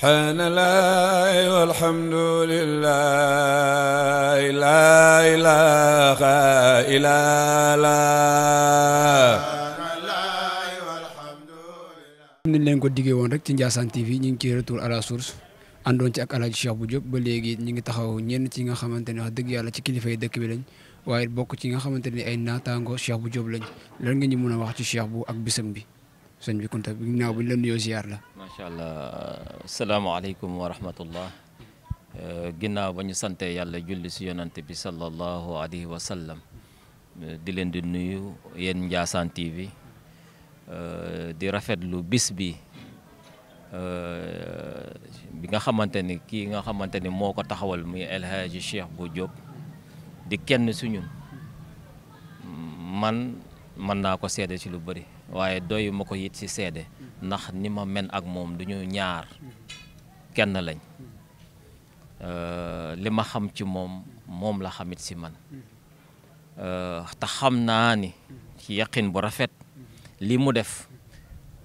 subhaanallaahi walhamdulillaahi laa ilaaha illallaah am nañ leen ko diggee woon rek ci Ndiassane TV ñu ngi ci retour à la source ci ak El Hadj bu Bou ba léegi ñu ngi taxaw ñenn ci nga xamante ne dëgg yàlla ci kilifa yi dëkk bi lañ waaye bokk ci nga xamante ne ay naataango Cheikh bu Diop lañ lan nga ñu mën a wax ci Cheikh bu ak bisam bi. sëñ bi Kunta bi ginnaaw bu ñu la nuyoo la. macha allah salaamaaleykum wa rahmatullah euh, ginnaaw ba ñu sante yàlla julli si yonante bi sallallahu alayhi wa sallam euh, di leen di nuyu yéen Ndiassane TV euh, di rafetlu bis bi bi nga xamante ni kii nga xamante ni moo ko taxawal muy El Hadji Cheikh Bou di kenn suñu man mën naa ko seede ci lu bëri. waaye doyu ma ko it ci seede ndax ni ma men ak moom du ñu ñaar kenn lañ euh, li ma xam ci moom moom la xamit si man euh, te xam naa ni ci yaqin bu rafet li mu def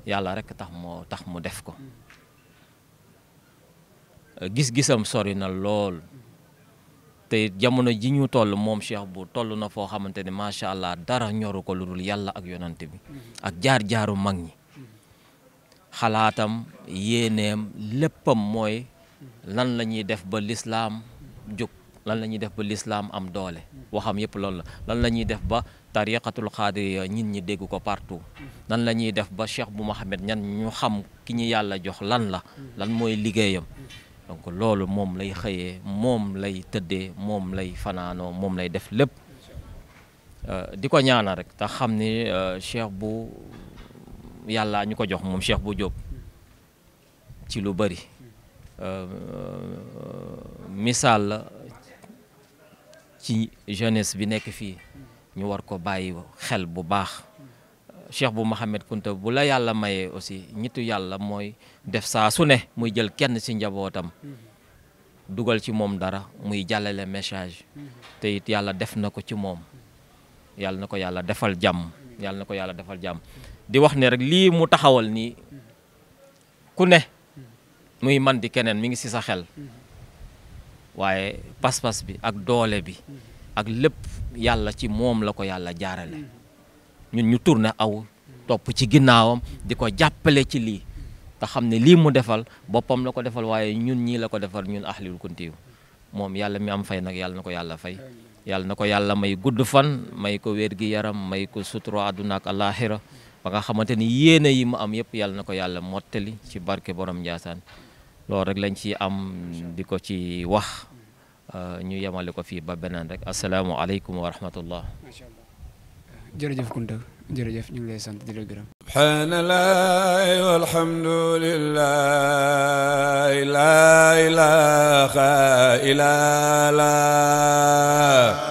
yàlla rekk tax moo tax mu def ko euh, gis-gisam sori na lool te jamono ji ñu toll moom Cheikh Buur toll na foo xamante ne macha allah dara ñoru ko lu dul yàlla ak yonante bi ak jaar-jaaru mag ñi xalaatam yéeneem léppam mooy lan la ñuy def ba lislaam jóg lan la ñuy def ba lislaam am doole waxam yëpp loolu la lan la ñuy def ba tariqatul xaadiriya nit ñi dégg ko partout lan la ñuy def ba Cheikh bu ma Mohamed ñan ñu xam ki ñu yàlla jox lan la lan mooy liggéeyam donc loolu moom lay xëyee moom lay tëddee moom lay fanaanoo moom lay def lépp euh, di ko ñaanal rek te xam ni euh, cheikh bu yàlla ñu ko jox moom cheikh bu jóg ci lu bari euh, misaal ci jeunesse bi nekk fii ñu war ko bàyyi xel bu baax cheikh bu Mohamed Kunta bu la yàlla mayee aussi ñitu yàlla mooy def saa su ne muy jël kenn ci njabootam dugal ci moom dara muy jàllale message te it yàlla def na ko ci moom yàlla na ko yàlla defal jàmm yàlla na ko yàlla defal jàmm di wax ne rek lii mu taxawal nii ku ne muy man di keneen mi ngi si sa xel waaye pas-pas bi ak doole bi ak lépp yàlla ci moom la ko yàlla jaarale ñun ñu tourné aw topp ci ginnaawam di ko jàppale ci lii te xam ne lii mu defal boppam la ko defal waaye ñun ñii la ko defal ñun ahlul kuntiyu moom yàlla mi am fay nag yàlla na ko yàlla fay yàlla na ko yàlla may gudd fan may ko wéer gi yaram may ko sutura àdduna ak alaaxira ba nga xamante ni yéene yi mu am yëpp yàlla na ko yàlla mottali ci barke borom Ndiassane loolu rek lañ ci am di ko ci wax ñu yemale ko fii ba beneen rek asalaamualeykum wa rahmatullah jërëjëf Kounta jërëjëf ñu ngi lay sant di la gërëm subhaanallaahi walhamdulillaahi laa ilaaha illallaah